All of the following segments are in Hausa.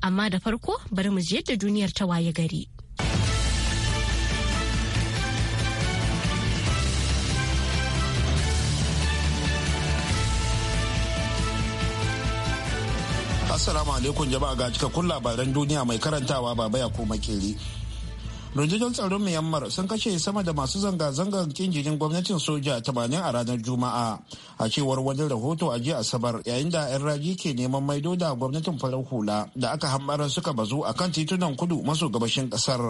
Amma da farko bari mu ji yadda duniyar ta waye gari. Assalamu alaikum jama'a ga cikakkun labaran duniya mai karantawa baba ya ko makeri. rundunar tsaron myanmar sun kashe sama da masu zanga-zangar zanga jirgin gwamnatin soja 80 a ranar juma'a a cewar wani rahoto a jiya asabar yayin da 'yan raji ke neman maido da gwamnatin farar hula da aka hambara suka bazu a kan titunan kudu maso gabashin kasar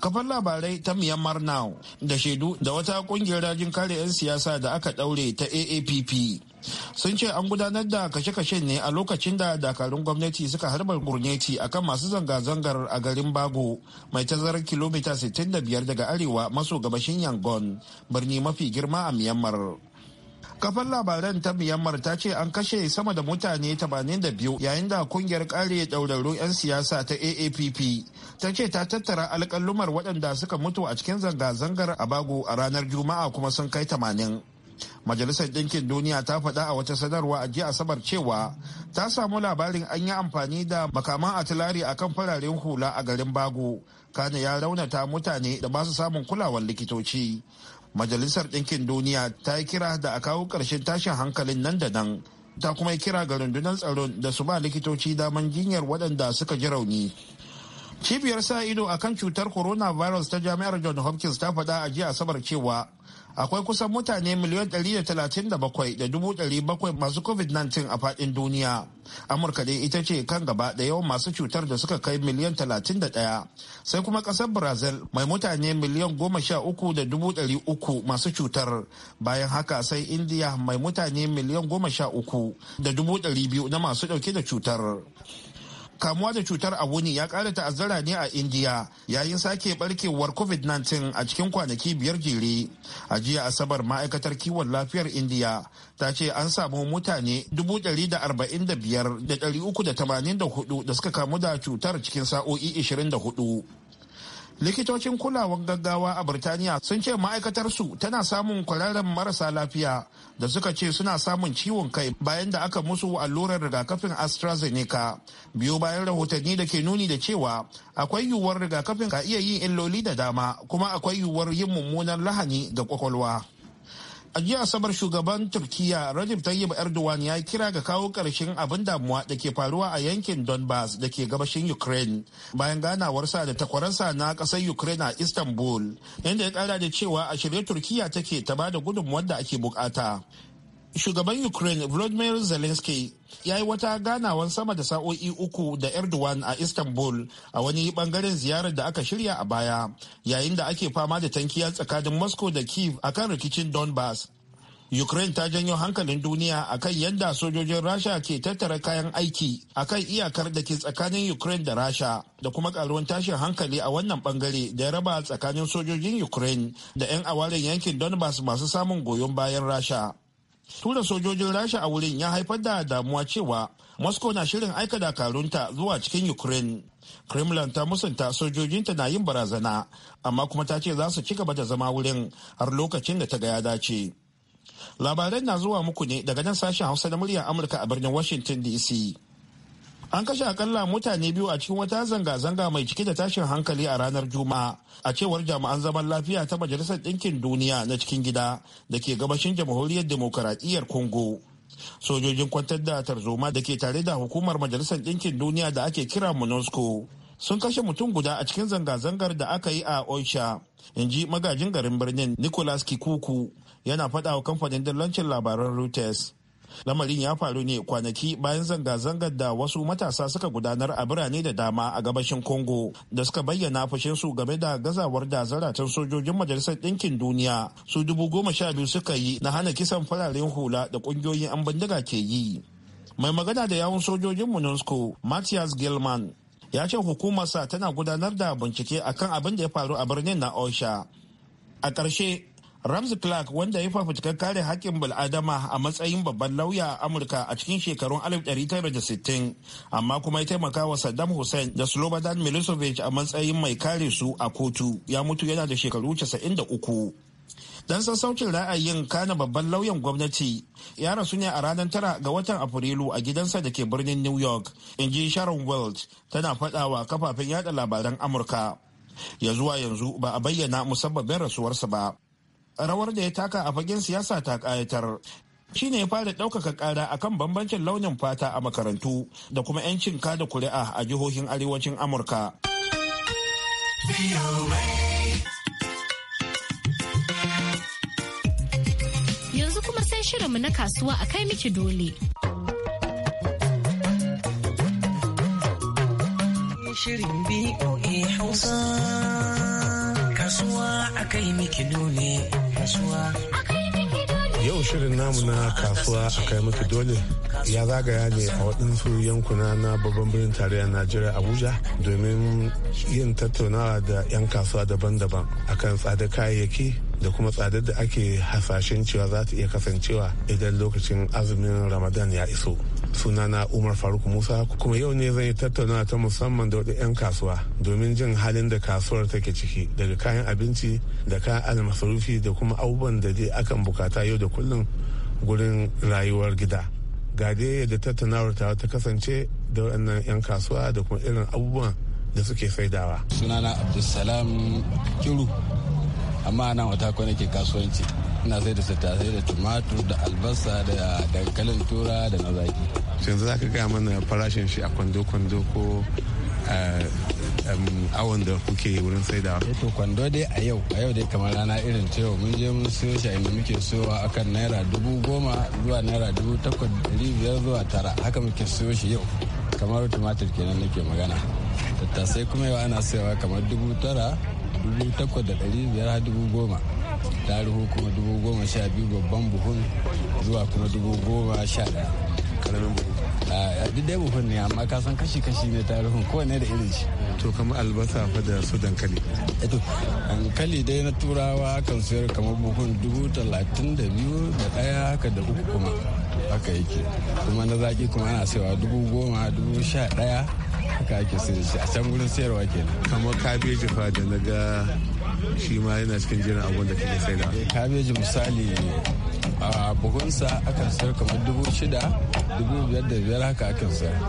kafar labarai ta myanmar now da shaidu da wata kungiyar rajin kare 'yan siyasa da aka daure ta aapp sun ce an gudanar da kashe-kashe ne a lokacin da dakarun gwamnati suka harbar gurneti akan masu zanga-zangar a garin bago mai tazarar kilomita 65 daga arewa maso gabashin yangon birni mafi girma a myanmar kafar labaran ta myanmar ta ce an kashe sama da mutane 82 yayin da kungiyar kare ɗaurarru 'yan siyasa ta aapp ta ce ta tattara alkalumar waɗanda suka mutu a cikin zanga-zangar a bago a ranar juma'a kuma sun kai 80 majalisar dinkin duniya ta faɗa a wata sanarwa a jiya asabar cewa ta samu labarin an yi amfani da makaman atilari a kan fararen hula a garin bago kana ya raunata mutane da ba su samun kulawar likitoci majalisar dinkin duniya ta yi kira da a kawo ƙarshen tashin hankalin nan da nan ta kuma yi kira ga rundunar tsaron da su ba likitoci daman jinyar waɗanda suka ji rauni cibiyar sa ido akan cutar coronavirus ta jami'ar john hopkins ta faɗa a jiya asabar cewa akwai kusan mutane miliyan 137,700 masu covid-19 a fadin duniya amurka dai ita ce kan gaba da yawan masu cutar da suka kai miliyan 31 sai kuma kasar brazil mai mutane miliyan 13,300 masu cutar bayan haka sai india mai mutane miliyan 13,200 na masu dauke da cutar kamuwa da cutar a wuni ya kara ta'azzara ne a indiya yayin sake barkewar covid-19 a cikin kwanaki biyar jere a jiya asabar ma'aikatar kiwon lafiyar indiya ta ce an samu mutane 345,384 da suka kamu da cutar cikin sa'o'i 24 likitocin kulawar gaggawa a birtaniya sun ce ma'aikatarsu tana samun kwararren marasa lafiya da suka ce suna samun ciwon kai bayan da aka musu allurar rigakafin astrazeneca biyu bayan rahotanni da ke nuni da cewa akwai yiwuwar rigakafin ka iya yin illoli da dama kuma akwai yiwuwar yin mummunan lahani da kwakwalwa a jiya asabar shugaban turkiya rajab tayyip erdogan ya kira ga kawo karshen abin damuwa da ke faruwa a yankin donbass da ke gabashin ukraine bayan ganawarsa da takwaransa na ƙasar ukraine a istanbul inda ya kara da cewa a shirye turkiya take ta ba da gudunmuwar da ake bukata shugaban ukraine vladimir zelensky ya yi wata ganawan sama da sa'o'i uku da erdogan a istanbul a wani bangaren ziyarar da aka shirya a baya yayin da ake fama da tankiya tsakanin moscow da kiev kan rikicin donbass ukraine ta janyo hankalin duniya akan yadda sojojin rasha ke tattara kayan aiki akan iyakar da ke tsakanin ukraine da rasha da kuma karuwan tashin hankali a wannan bangare da ya raba tsakanin sojojin ukraine da 'yan awaren yankin donbass masu samun goyon bayan rasha tura sojojin rasha a wurin ya haifar da damuwa cewa moscow na shirin aika dakarunta zuwa cikin ukraine kremlin ta musanta sojojinta na yin barazana amma kuma ta ce za su ci gaba da zama wurin har lokacin da ta ga ya dace labaran na zuwa muku ne daga nan sashen hausa na muryar amurka a birnin washington dc an kashe akalla mutane biyu a cikin wata zanga-zanga mai cike da tashin hankali a ranar juma'a a cewar jami'an zaman lafiya ta majalisar ɗinkin duniya na cikin gida da ke gabashin jamhuriyar demokaradiyyar congo sojojin kwantar da tarzoma da ke tare da hukumar majalisar ɗinkin duniya da ake kira monusco sun kashe mutum guda a cikin zanga-zangar da aka yi a oisha in ji magajin garin birnin nicolas kikuku yana faɗa wa kamfanin dillancin labaran reuters lamarin ya faru ne kwanaki bayan zanga-zangar da wasu matasa suka gudanar a birane da dama a gabashin congo da suka bayyana fushinsu game da gazawar da zaratan sojojin majalisar ɗinkin duniya su dubu goma sha biyu suka yi na hana kisan fararen hula da ƙungiyoyin an bindiga ke yi mai magana da yawun sojojin monusco matthias gilman ya ce hukumarsa tana gudanar da bincike akan abin da ya faru a birnin na osha a ƙarshe Ramsey Clark wanda ya fafutukar kare haƙƙin bil'adama a matsayin babban lauya a Amurka a cikin shekarun 1960 amma kuma ya taimaka wa Saddam Hussein da Slobodan Milosevic a matsayin mai kare su a kotu ya mutu yana da shekaru 93. Dan sassaucin ra'ayin kana babban lauyan gwamnati ya rasu ne a ranar tara ga watan Afrilu a gidansa da ke birnin New York, in ji Sharon world tana faɗawa kafafen yada labaran Amurka. Ya zuwa yanzu ba a bayyana musabbabin rasuwarsa ba. rawar da ya taka a fagen siyasa ta ƙayatar shi ne ya fara ɗaukaka ƙara kan bambancin launin fata a makarantu da kuma 'yancin kada kuri'a a jihohin arewacin amurka yanzu kuma sai shirinmu na kasuwa a kai miki dole shirin BOA Hausa kasuwa a kai miki dole kasuwa. Yau shirin namu na kasuwa a kai miki dole ya zagaya ne a waɗansu yankuna na babban birnin tarayyar Najeriya Abuja domin yin tattaunawa da 'yan kasuwa daban-daban akan tsada kayayyaki da kuma tsadar da ake hasashen cewa za ta iya kasancewa idan lokacin azumin Ramadan ya iso. sunana umar faruk musa kuma yau ne zan yi tattaunawa ta musamman da wadda 'yan kasuwa domin jin halin da kasuwar take ciki daga kayan abinci da kayan almasarufi da kuma abubuwan da dai akan bukata yau da kullum gurin rayuwar gida ga dai yadda tattaunawar ta ta kasance da waɗannan 'yan kasuwa da kuma irin abubuwan da suke saidawa sunana abdulsalam kiru amma nan wata kwanaki kasuwanci ina sai da tattasai da tumatur da albasa da dankalin tura da na zaki yanzu za ka gaya mana farashin shi a kwando-kwando ko awon da kuke wurin saidawa? Eh to kwando dai a yau a yau dai kamar rana irin cewa mun je mun siyo shi inda muke siyowa akan naira dubu goma zuwa naira dubu takwas dari biyar zuwa tara haka muke siyo shi yau kamar tumatir kenan nake magana tattasai kuma yau ana siyowa kamar dubu tara dubu takwas da dari biyar har dubu goma tarihu kuma dubu goma sha biyu babban buhun zuwa kuma dubu goma sha daya karamin buhu duk dai buhun ne amma ka san kashi-kashi ne tarihun kowane da irin shi to kamar albasa fa da su dankali eto eh dankali dai na turawa kan sayar kamar buhun dubu talatin da biyu da ɗaya haka da uku kuma haka yake kuma na zaki kuma ana sayarwa dubu goma dubu sha ɗaya haka ake sayar shi a can wurin sayarwa kenan kamar kabeji fa da na ga shi ma yana cikin jiran abun da kake saida eh, kabeji misali a buhunsa akan sayar kamar dubu shida dubu biyar da biyar haka akan sayar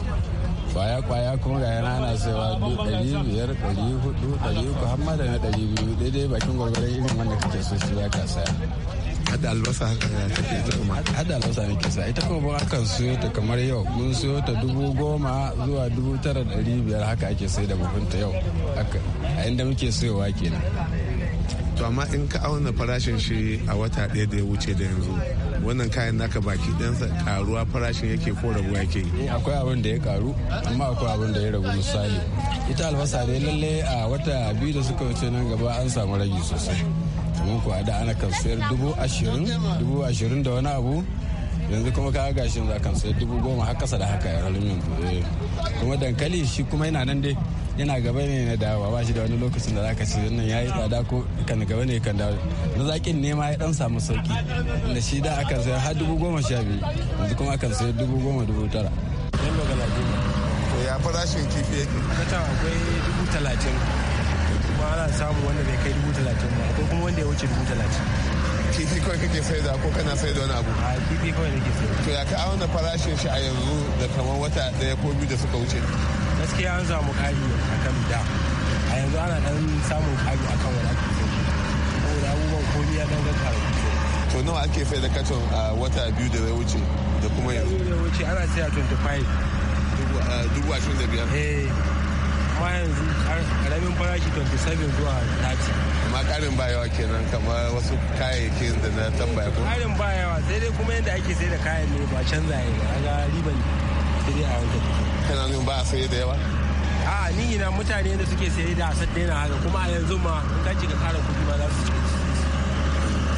kwaya kwaya kuma ga yana ana saiwa ɗari biyar ɗari hudu ɗari uku har ma da na ɗari biyu daidai bakin gwargwaron irin wanda kake so shi ya ka saya hada albasa haka ya tafi ita kuma hada albasa ne kisa ita kuma ba kan siyo ta kamar yau mun siyo ta dubu goma zuwa dubu tara ɗari biyar haka ake sai da buhunta yau a inda muke siyowa kenan to amma in ka auna farashin shi a wata ɗaya da ya wuce da yanzu wannan kayan naka baki ɗansa karuwa farashin yake ko rabu yake eh, akwai abin da ya karu amma akwai abin da ya ragu misali ita albasa dai lalle a wata biyu da suka wuce nan gaba an samu ragi sosai kamar kuwa da ana kan sayar dubu ashirin dubu ashirin da wani abu yanzu kuma ka gashin za kan sayar dubu goma har kasa da haka ya halin yanzu eh. kuma dankali shi kuma yana nan dai yana gaba ne na dawowa ba shi da wani lokacin da zaka ce wannan yayi tsada ko kan gaba ne kan dawo na zakin ne ma ya dan samu sauki da shi da akan sai har dubu goma sha biyu yanzu kuma akan sai dubu goma dubu tara. Yan magana goma. To ya farashin kifi yake? Kata akwai dubu talatin kuma ana samu wanda bai kai dubu talatin ba akwai kuma wanda ya wuce dubu talatin. kifi kawai kake sai da ko kana sai da wani abu a kifi kawai kake sai to ya ka auna farashin shi a yanzu da kamar wata daya ko biyu da suka wuce gaskiya an samu kari a kan da a yanzu ana dan samun kari a kan wani ake so saboda abubuwan komi ya ɗan gaggara to nawa ake fai da katon a wata biyu da ya wuce da kuma yanzu da wuce ana siya 25 dubu ashirin da biyar Kuma eh, ma yanzu karamin farashi 27 zuwa 30 amma karin bayawa kenan kamar wasu kayayyakin da na tambaya ko karin bayawa sai dai kuma yadda ake sai da kayan ne ba canza ya ga riban sai dai a hankali kana nun ba a saye da yawa a ni ina mutane da suke saye da asar daina haka kuma a yanzu ma in ka ka kara kuɗi ma za su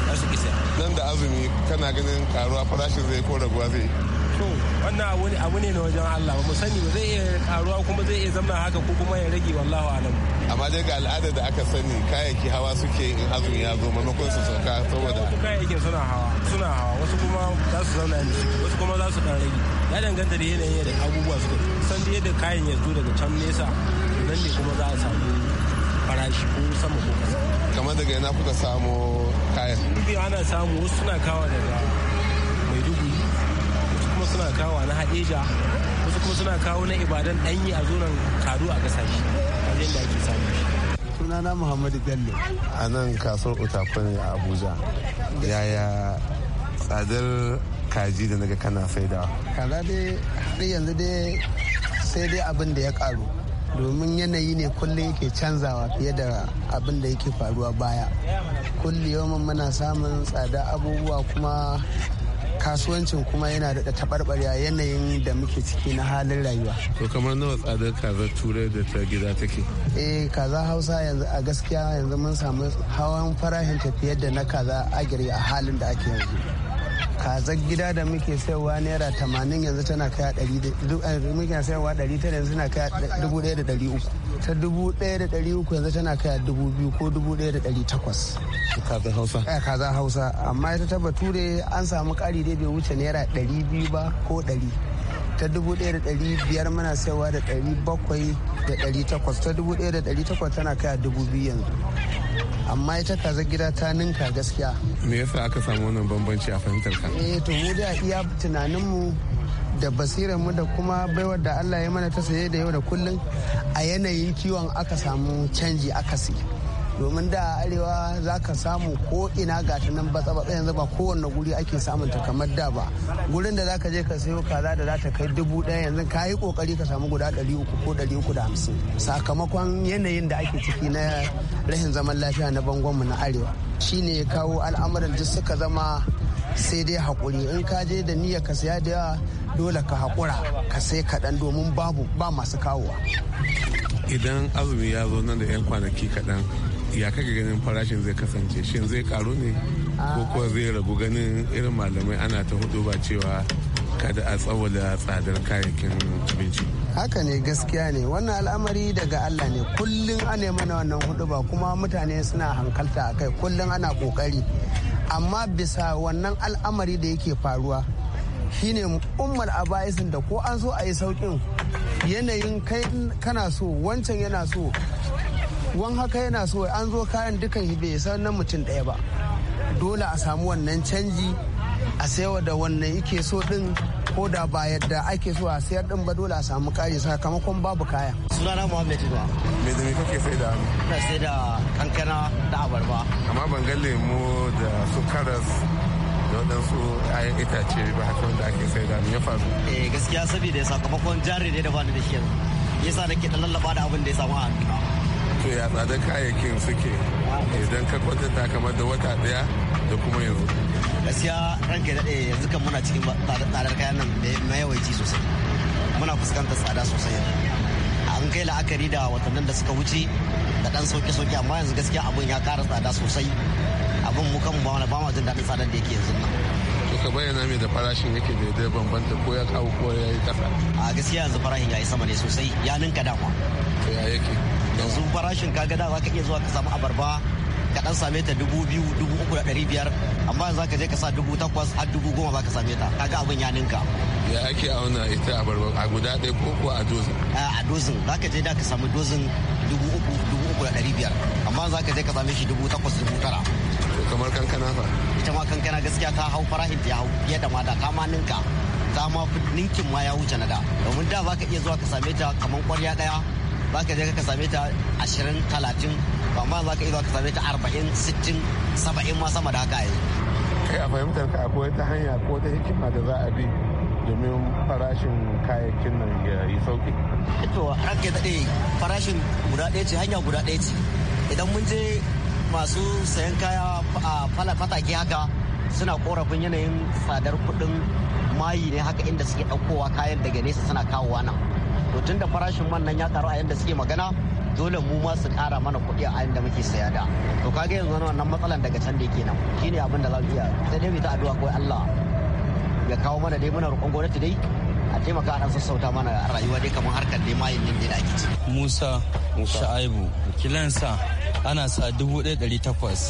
za su kisa nan da azumi kana ganin karuwa farashin zai ko raguwa zai to wannan abu ne na wajen Allah mu sani ba zai iya karuwa kuma zai iya zama haka ko kuma ya rage wallahu alam amma dai ga al'ada da aka sani kayayyaki hawa suke in azumi ya zo maimakon su sauka saboda kayayyakin suna hawa suna hawa wasu kuma za su zauna ne wasu kuma za su dan rage ya danganta da yanayin da abubuwa suka san da yadda kayan ya zo daga can nesa nan ne kuma za a samu farashi ko sama ko kasa kamar daga yana kuka samo kayan biyu ana samu wasu suna kawo daga maiduguri wasu kuma suna kawo na hadeja wasu kuma suna kawo na ibadan danyi a zonan kado a kasashe wajen da ake samu shi sunana muhammadu bello a nan kasuwar utakon a abuja yaya tsadar kaji da naga kana saida kaza dai har yanzu dai sai dai abin da ya karu domin yanayi ne kullum yake canzawa fiye da abin da yake faruwa baya kullum yawan muna samun tsada abubuwa kuma kasuwancin kuma yana da taɓarɓarya yanayin da muke ciki na halin rayuwa. To kamar nawa tsadar kazar turai da ta gida take? Eh kaza hausa yanzu a gaskiya yanzu mun samu hawan farashin tafiyar da na kaza agiri a halin da ake yanzu. kazan gida da muke sayarwa naira tamanin yanzu tana kai eh, muke sayarwa ɗari tara yanzu tana kai dubu ɗaya da ɗari uku ta dubu ɗaya da ɗari uku yanzu tana kai dubu biyu ko dubu ɗaya da ɗari takwas. kazan hausa. eh kazan hausa amma ita ta bature an samu ƙari dai bai wuce naira ɗari biyu ba ko ɗari. ta dubu ɗaya da ɗari biyar muna sayarwa da ɗari bakwai da ɗari takwas ta dubu ɗaya da ɗari takwas tana kai dubu biyu yanzu. amma ita kaza gida ta ninka gaskiya me yasa aka samu wannan bambanci a fahimtar ka eh to mu da iya tunanin mu da basirar mu da kuma baiwar da Allah ya mana ta saye da yau da kullun a yanayin kiwon aka samu canji akasi domin da arewa za ka samu ko ina ga ta nan batsa batsa yanzu ba kowanne guri ake samun ta kamar da ba gurin da za ka je ka sayo kaza da za ta kai dubu ɗaya yanzu ka yi kokari ka samu guda ɗari uku ko ɗari uku da hamsin sakamakon yanayin da ake ciki na rashin zaman lafiya na bangonmu na arewa shine ya kawo al'amuran duk suka zama sai dai haƙuri in ka je da niyyar ka saya da yawa dole ka haƙura ka sai kaɗan domin babu ba masu kawowa idan azumi ya zo nan da 'yan kwanaki kaɗan ya kake ganin farashin zai kasance shin zai karu ne ko kuwa zai ragu ganin irin malamai ana ta hudu ba cewa kada a da tsadar kayayyakin abinci haka ne gaskiya ne wannan al'amari daga allah ne kullum ana mana wannan hudu ba kuma mutane suna hankalta a kai kullum ana kokari amma bisa wannan al'amari da yake faruwa shine ummar aba'isin da ko an so a yi saukin yanayin kai kana so wancan yana so wan haka yana so an zo kayan dukan bai san na mutum ɗaya ba dole a samu wannan canji a sayar da wannan yake so din ko da ba yadda ake so a sayar din ba dole a samu kari sakamakon babu kaya sunana muhammed ba me da me kake sai da ina sai da kankana da abarba amma ban ga lemo da su karas da waɗansu ayan itace ba haka wanda ake sai da ya faru eh gaskiya saboda sakamakon jari ne da bani da shi yasa nake da lallaba da abin da ya samu a to ya tsadar kayayyakin suke idan ka kwatanta kamar da wata daya da kuma yanzu gaskiya ranka daɗe yanzu kan muna cikin tsadar kayan nan na yawanci sosai muna fuskantar tsada sosai an kai la'akari da watannin da suka wuce da ɗan sauke-sauke amma yanzu gaskiya abin ya ƙara tsada sosai abin mu kan ba ma jin daɗin tsadar da yake yanzu nan to ka bayyana mai da farashin yake daidai bambanta ko ya kawo ko ya yi ƙasa a gaskiya yanzu farashin ya yi sama ne sosai ya ninka dama ya yake yanzu farashin kaga da za ka iya zuwa ka samu abarba ka dan same ta dubu biyu dubu uku da ɗari biyar amma yanzu ka je ka sa dubu takwas har dubu goma za ka same ta kaga abin ya ninka. ya ake auna ita abarba a guda ɗaya ko kuwa a dozin. a dozin za ka je da ka samu dozin dubu uku dubu uku da ɗari biyar amma za ka je ka same shi dubu takwas dubu tara. kamar kankana fa. ita ma kankana gaskiya ta hau farashin ta ya hau fiye da ma da ta ma ninka ta ma ninkin ma ya wuce na da domin da za ka iya zuwa ka same ta kamar kwarya ɗaya za ka je ka same ta ashirin talatin amma za ka iya ka same ta arba'in sittin saba'in ma sama da haka yi. kai a fahimtar ka akwai ta hanya ko ta hikima da za a bi domin farashin kayayyakin nan ya yi sauki. an ranka daɗe farashin guda ɗaya ce hanya guda ɗaya ce idan mun je masu sayan kaya a fataki haka suna korafin yanayin tsadar kuɗin mayi ne haka inda suke ɗaukowa kayan daga nesa suna kawowa nan to tun da farashin man nan ya karu a yadda suke magana dole mu ma su kara mana kuɗi a yadda muke saya da to kaga yanzu wannan matsalan daga can da yake nan shine abin da za mu iya sai dai mu ta addu'a kawai Allah ya kawo mana dai muna roƙon gwamnati dai a taimaka a sassauta mana rayuwa dai kamar harkar dai mayin nan da ake ci. Musa Sha'aibu kilansa ana sa dubu ɗaya ɗari takwas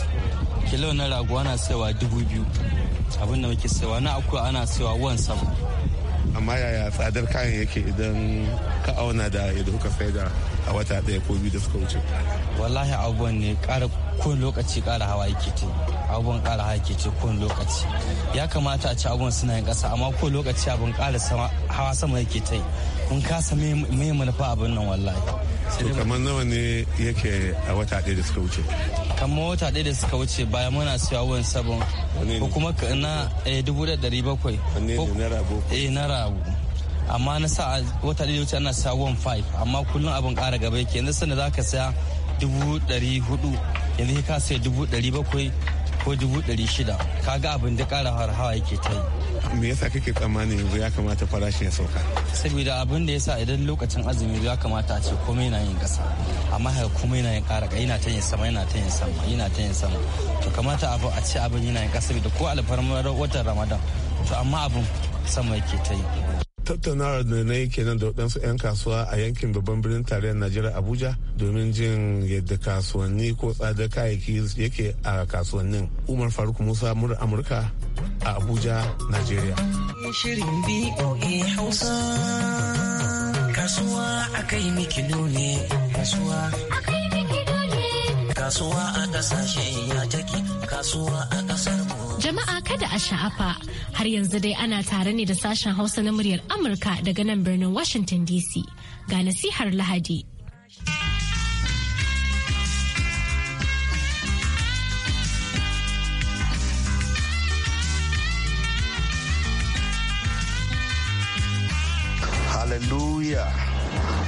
kilo na rago ana saiwa dubu biyu abin da muke saiwa na akwai ana saiwa wan sama amma yaya tsadar kayan yake idan ka auna da ido ka saida a wata ɗaya ko biyu da suka wuce wallahi abubuwan ne ƙara kun lokaci ƙara hawa yake te abubuwan ƙara hawa yake te kun lokaci ya kamata a ci abubuwan suna yin ƙasa amma kun lokaci abin ƙara hawa sama yake ta yi mun kasa mai manufa abin nan wallahi So kamar nawa ne yake a wata ɗaya da suka wuce kamar wata ɗaya da suka wuce bayan muna siya wan sabon ko kuma na eh, dubu da ɗari bakwai eh na rabu amma na sa wata ɗaya da wuce ana siya wan five amma kullum abin ƙara gaba yake yanzu sanda za ka siya dubu ɗari hudu yanzu ka siya dubu ɗari bakwai ko dubu ɗari shida kaga abin da ƙara harhawa yake ta yi. me yasa kake tsammanin yanzu ya kamata farashin ya sauka. saboda abin da yasa idan lokacin azumi ya kamata a ce komai na yin ƙasa amma haka komai na yin ƙara yana ta yin sama yana ta yin sama yana ta yin sama to kamata abu a ce abin yana yin ƙasa saboda ko alfarmar watan ramadan to amma abin sama yake ta yi Tattaunawar da na yi kenan da waɗansu 'yan kasuwa a yankin babban birnin tarayyar najeriya abuja domin jin yadda kasuwanni ko tsadar kayayyaki yake a kasuwannin umar faruk musa mura amurka a abuja najeriya hausa kasuwa a kai ne kasuwa kasuwa a kasashen ya take kasuwa a kasar Jama'a kada a sha'afa har yanzu dai ana tare ne da sashen Hausa na muryar Amurka daga nan birnin Washington DC ga nasihar Lahadi. Hallelujah!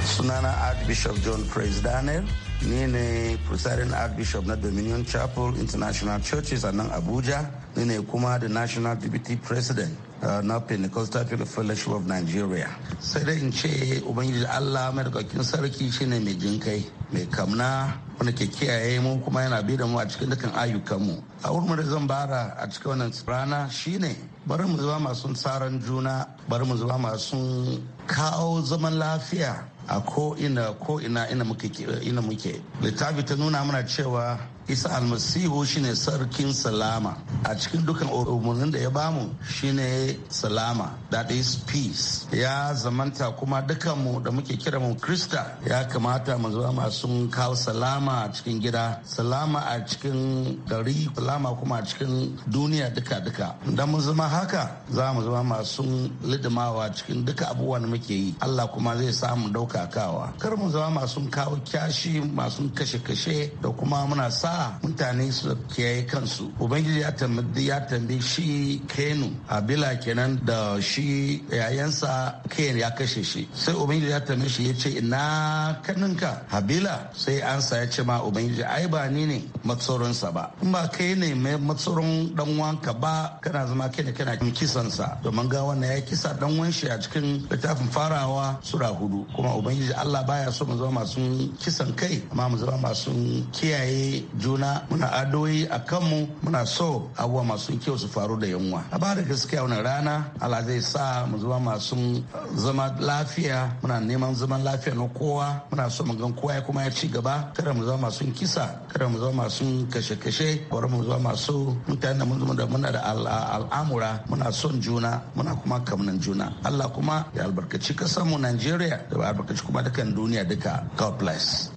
Sunana Archbishop John Praise Daniel. ni ne presiding archbishop na dominion chapel international churches a nan abuja ni ne kuma da national deputy president uh, na pentecostal fellowship of nigeria sai dai in ce ubangiji allah madaukakin sarki shine mai jinkai mai kamna wanda ke kiyaye mu kuma yana bi da mu a cikin dukkan ayyukanmu a wurin da zan bara a cikin wannan rana shine bari mu zama masu tsaron juna bari mu zama masu kawo zaman lafiya a ko ina ko ina ina muke littafi ta nuna mana cewa isa almasihu shine sarkin salama a cikin dukan umarnin da ya bamu shine salama that is peace ya zamanta kuma dukanmu da muke kira mu krista ya kamata mu zama masu kawo salama a cikin gida salama a cikin gari salama kuma a cikin duniya duka-duka idan mun zama haka za mu zama masu lidimawa cikin duka abubuwan da muke yi allah kuma zai samu ɗaukakawa kar mu zama masu kawo kyashi masu kashe-kashe da kuma muna sa a mutane su kiyaye kansu ubangiji ya tambi shi kenu a bila kenan da shi yayansa ken ya kashe shi sai ubangiji ya tambi shi ya ce ina kaninka habila sai ansa ya ce ma ubangiji ai ba ni ne matsoronsa ba in ba kai ne mai matsoron dan wanka ba kana zama kai ne kana kisansa domin ga wannan ya kisa dan shi a cikin littafin farawa sura hudu kuma ubangiji Allah baya so mu zama masu kisan kai amma mu zama masu kiyaye juna muna adoyi a kanmu muna so abubuwa masu kyau su faru da yunwa a ba da gaskiya wani rana Allah zai sa mu zama masu zama lafiya muna neman zaman lafiya na kowa muna so mu gan kowa ya kuma ya ci gaba kada mu zama masu kisa kada mu zama masu kashe-kashe bari mu zama masu mutane da muna da al'amura muna son juna muna kuma kamnan juna Allah kuma ya albarkaci kasar mu Najeriya da albarkaci kuma dukan duniya duka God bless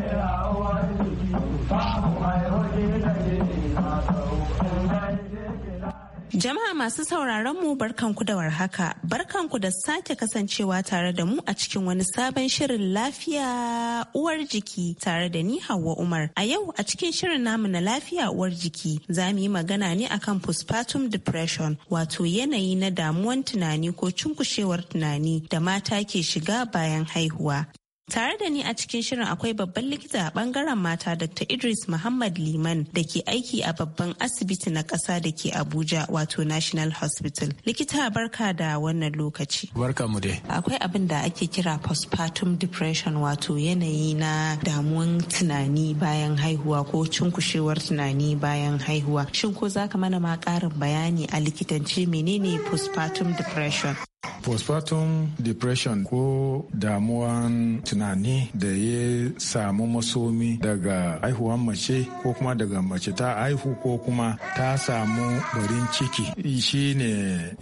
Jama'a masu sauraron mu barkanku da warhaka, barkanku da sake kasancewa tare da mu a cikin wani sabon shirin lafiya uwar jiki tare da ni Hauwa Umar. A yau a cikin shirin namu na lafiya uwar jiki za mu yi magana ne akan postpartum depression wato yanayi na damuwan tunani ko cunkushewar tunani da mata ke shiga bayan haihuwa. Tare da ni a cikin shirin akwai babban likita a bangaren mata Dr. Idris Muhammad Liman da ke aiki a babban asibiti na ƙasa da ke Abuja wato National Hospital. Likita barka da wannan lokaci. Barka mu dai. Akwai abin da ake kira postpartum depression wato yanayi na damuwan tunani bayan haihuwa ko cunkushewar tunani bayan haihuwa. Shin ko za ka mana ma ƙarin bayani a likitance menene postpartum depression? postpartum depression ko damuwan tunani da ya samu masomi daga haihuwan mace ko kuma daga mace ta haihu ko kuma ta samu barin ciki shi ne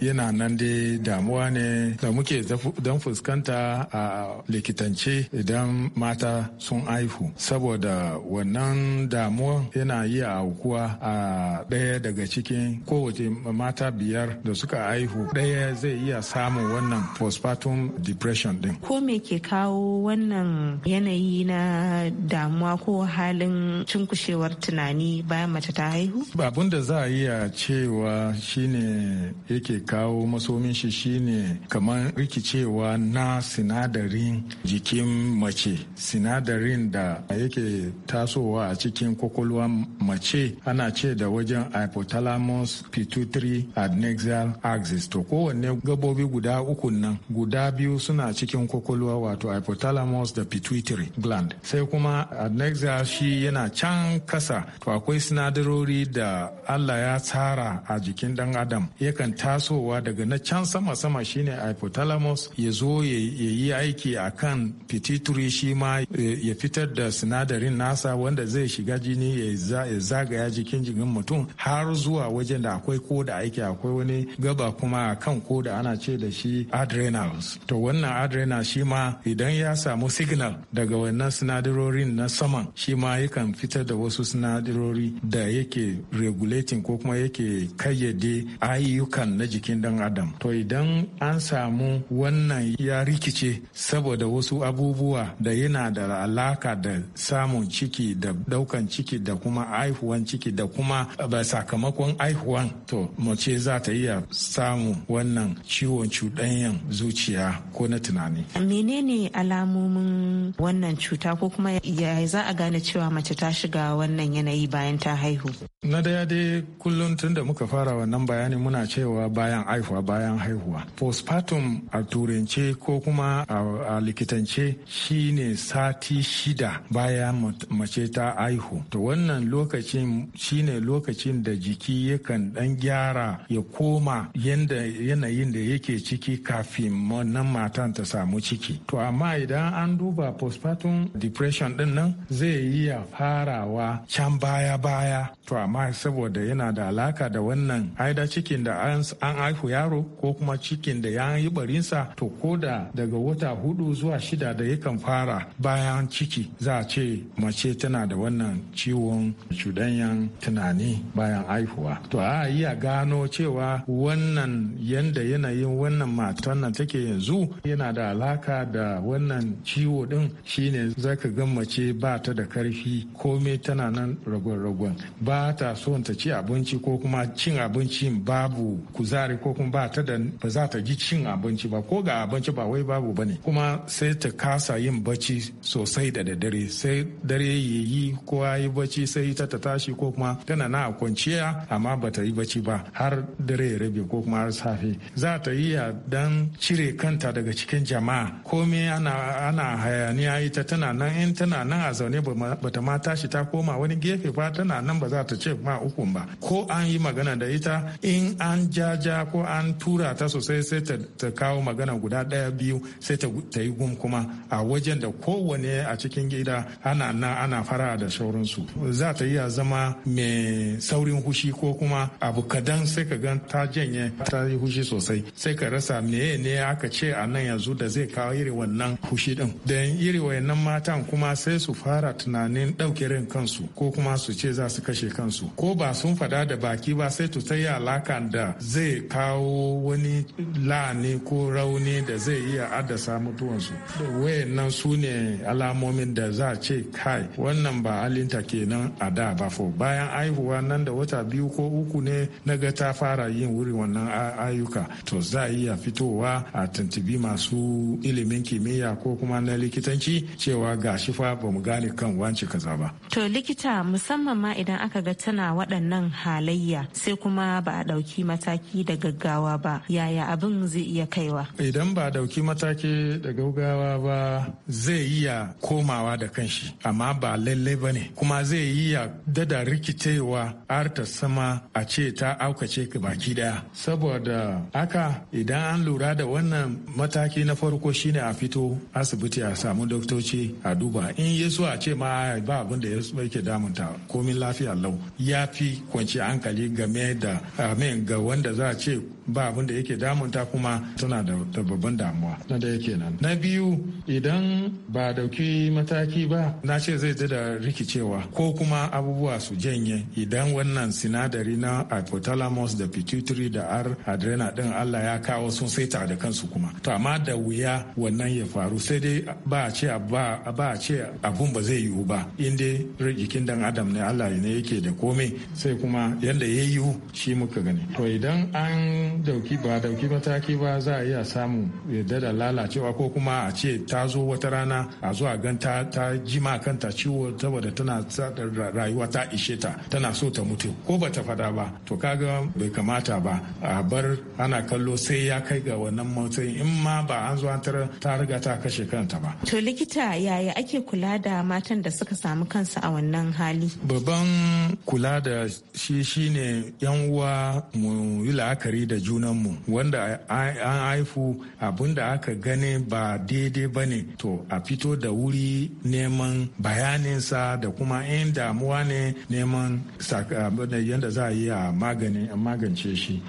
yana nan dai damuwa ne da muke don fuskanta a likitance idan mata sun haihu saboda wannan damuwa yana yi a aukuwa a ɗaya daga cikin kowace mata biyar da suka haihu ɗaya zai iya samun wannan postpartum depression din ko me ke kawo wannan yanayi na damuwa ko halin cinkushewar tunani bayan mace ta haihu abun da za a iya cewa shine yake kawo masomin shi shine kamar rikicewa na sinadarin jikin mace sinadarin da yake tasowa a cikin kwakwalwa mace ana ce da wajen hypothalamus pituitary adnexal axis to kowanne gabobi guda ukun nan guda biyu suna cikin kwakwalwa wato hypothalamus da pituitary gland sai kuma adnexia shi yana can kasa to akwai sinadarori da allah ya tsara a jikin dan adam yakan tasowa daga na can sama sama shine hypothalamus ya zo ya yi aiki a kan pituitary shi ma ya fitar da sinadarin nasa wanda zai shiga jini ya zagaya jikin jikin mutum har zuwa wajen da akwai koda aiki akwai wani gaba kuma a kan koda ana ce da shi shi adrenals to wannan adrenal shi ma idan ya samu signal daga wannan sinadarorin na saman shi ma yakan fitar da wasu sinadarori da yake regulating ko kuma yake kayyade ayyukan na jikin dan adam to idan an samu wannan ya rikice saboda wasu abubuwa da yana da alaka da samun ciki da daukan ciki da kuma aihuwan ciki da kuma sakamakon aihuwan to mace za ta iya samun wannan ciwon cuta ɗanyen zuciya ko na tunani. Menene alamomin wannan cuta ko kuma ya za a gane cewa mace ta shiga wannan yanayi bayan ta haihu? Na daya dai kullum tun da muka fara wannan bayani muna cewa bayan haihuwa bayan haihuwa. Postpartum a turance ko kuma a likitance shine sati shida bayan mace ta haihu. To wannan lokacin shine lokacin da jiki yakan dan gyara ya koma yanda yanayin da yake ciki kafin wannan matan ta samu ciki. To amma idan an duba postpartum depression din nan zai iya farawa can baya baya. amma saboda yana da alaka da wannan haida cikin da an haihu yaro ko kuma cikin da ya yi barinsa to ko da daga wata hudu zuwa shida da yakan fara bayan ciki za a ce mace tana da wannan ciwon cudanyen tunani bayan haihuwa to a iya gano cewa wannan yanda yanayin wannan matan nan take yanzu yana da alaka da wannan ciwo din shine zaka ga mace ba ta da karfi komai tana nan ragon-ragon ba ta so ta ci abinci ko kuma cin abinci babu kuzari ko kuma ba ta da ba za ta ji cin abinci ba ko ga abinci ba wai babu bane kuma sai ta kasa yin bacci sosai da dare sai dare ya yi ko ya yi bacci sai ta ta tashi ko kuma tana na kwanciya amma ba ta yi bacci ba har dare ya rabe ko kuma har safe za ta yi ya dan cire kanta daga cikin jama'a komai ana ana hayaniya ita tana nan in tana nan a zaune ba ta ma tashi ta koma wani gefe ba tana nan ba za ta ci ce ma ukun ba ko an yi magana da ita in an jaja ko an tura ta sosai sai ta kawo magana guda ɗaya biyu sai ta yi gum kuma a wajen da kowane a cikin gida ana na ana fara da sauransu za ta iya zama mai saurin hushi ko kuma abu kadan sai ka gan ta janye ta yi hushi sosai sai ka rasa meye ne aka ce a nan yanzu da zai kawo iri wannan hushi din don iri wayannan matan kuma sai su fara tunanin ɗauke kansu ko kuma su ce za su kashe kansu su ko ba sun faɗa da baki ba sai ta yi alaka da zai kawo wani la'ani ko rauni da zai iya addasa mutuwansu wayannan su ne alamomin da za a ce kai wannan ba alinta kenan a da ba fo bayan aihuwa nan da wata biyu ko uku ne na ga ta fara yin wuri wannan ayyuka to za a iya fitowa a tuntubi masu ilimin kimiyya ko kuma na likitanci cewa gashi fa ba mu gane kan wance kaza ba to likita musamman ma idan aka ga tana waɗannan halayya sai kuma ba a ɗauki mataki da gaggawa ba yaya abin zai iya kaiwa idan ba a ɗauki mataki da gaggawa ba zai iya komawa da kanshi amma ba lallai ba ne kuma zai iya dada rikicewa har ta sama a ce ta aukace baki daya saboda haka idan an lura da wannan mataki na farko shine a fito asibiti a samu doktoci a duba in yesu a ce ma ba abin da yake damunta komin lafiya lau ya fi kwanciyar hankali game da amin ah, ga wanda za a ce ba abin da yake damunta kuma tana da babban damuwa na da yake nan na biyu idan ba dauki mataki ba na ce zai ji da rikicewa ko kuma abubuwa su janye idan wannan sinadari na hypothalamus da pituitary da r adrena din allah ya kawo sun ta da kansu kuma to amma da wuya wannan ya faru sai dai ba a ce ba a ce abun ba zai yiwu ba inda dai jikin dan adam ne allah ne yake da ko komai sai kuma yadda ya yiwu shi muka gani to idan an dauki ba dauki mataki ba za a iya samu yadda da lalacewa ko kuma a ce ta zo wata rana a zuwa gan ta ta jima kanta ciwo saboda tana rayuwa ta ishe ta tana so ta mutu ko ba ta fada ba to kaga bai kamata ba a bar ana kallo sai ya kai ga wannan matsayin in ma ba an zo an ta riga ta kashe kanta ba to likita yaya ake kula da matan da suka samu kansu a wannan hali babban kula kula da shi shine yan uwa mu yi la'akari da junanmu wanda an haifu abin da aka gani ba daidai ba ne to a fito da wuri neman bayaninsa da kuma in damuwa ne neman yadda za a yi a magance shi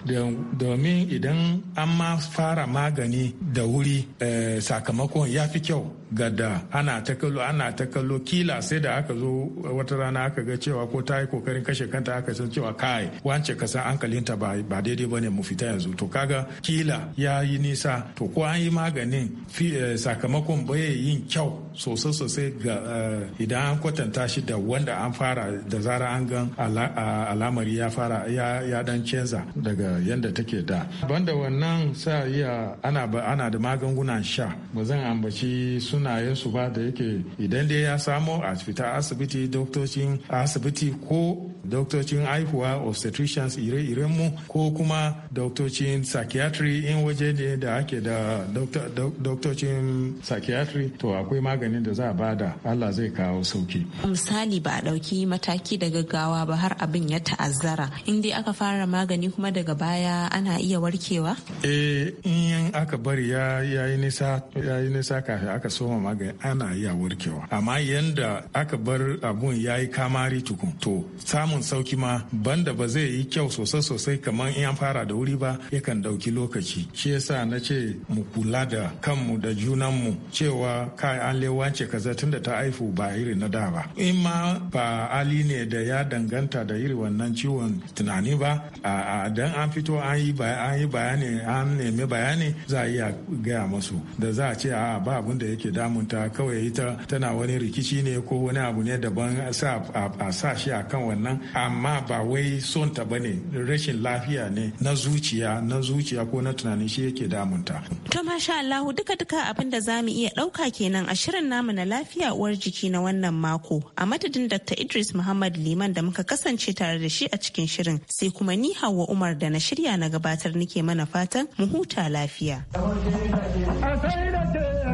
domin idan an ma fara magani da wuri eh, sakamakon ya fi kyau gada ana ta kallo ana ta kallo kila sai da aka zo wata rana aka ga cewa ko ta yi kokarin kashe kanta aka san cewa kai wance ka san hankalinta ba ba daidai bane mu fita yanzu to kaga kila ya yi nisa to ko an yi maganin eh, sakamakon bai yin kyau sosai sosai ga eh, idan an kwatanta shi da wanda an fara da zara an gan alamari ya fara ya dan canza daga yanda take da banda wannan sa iya ana da magungunan sha ba zan ambaci sun sunayensu ba da yake idan dai ya samo a fita asibiti doktocin asibiti ko doktocin haihuwa obstetricians ire-iren mu ko kuma doktocin psychiatry in waje ne da ake da doktocin psychiatry to akwai maganin da za a bada Allah zai kawo sauki. Misali ba a ɗauki mataki da gaggawa ba har abin ya ta'azzara in dai aka fara magani kuma daga baya ana iya warkewa? Eh in aka bari ya yi nisa kafin aka so gama magani ana iya warkewa amma yanda aka bar abun ya yi kamari tukun to samun sauki ma banda ba zai yi kyau sosai sosai kamar in an fara da wuri ba yakan dauki lokaci shi yasa na ce mu kula da kanmu da junanmu cewa kai an lewance kaza tunda ta haifu ba iri na da ba in ma ba ali ne da ya danganta da iri wannan ciwon tunani ba a dan an fito an yi bayani an nemi bayani za a iya gaya masu da za a ce a ba abin da yake da damunta kawai ita tana wani rikici ne ko wani abu ne daban a sa shi a kan wannan amma ba wai son ta bane rashin lafiya ne na zuciya na zuciya ko na tunanin shi yake damunta. To masha allahu duka duka abin da za mu iya ɗauka kenan a shirin namu na lafiya uwar jiki na wannan mako a madadin Dr. Idris Muhammad Liman da muka kasance tare da shi a cikin shirin sai kuma ni hawa Umar da na shirya na gabatar nike mana fatan mu huta lafiya.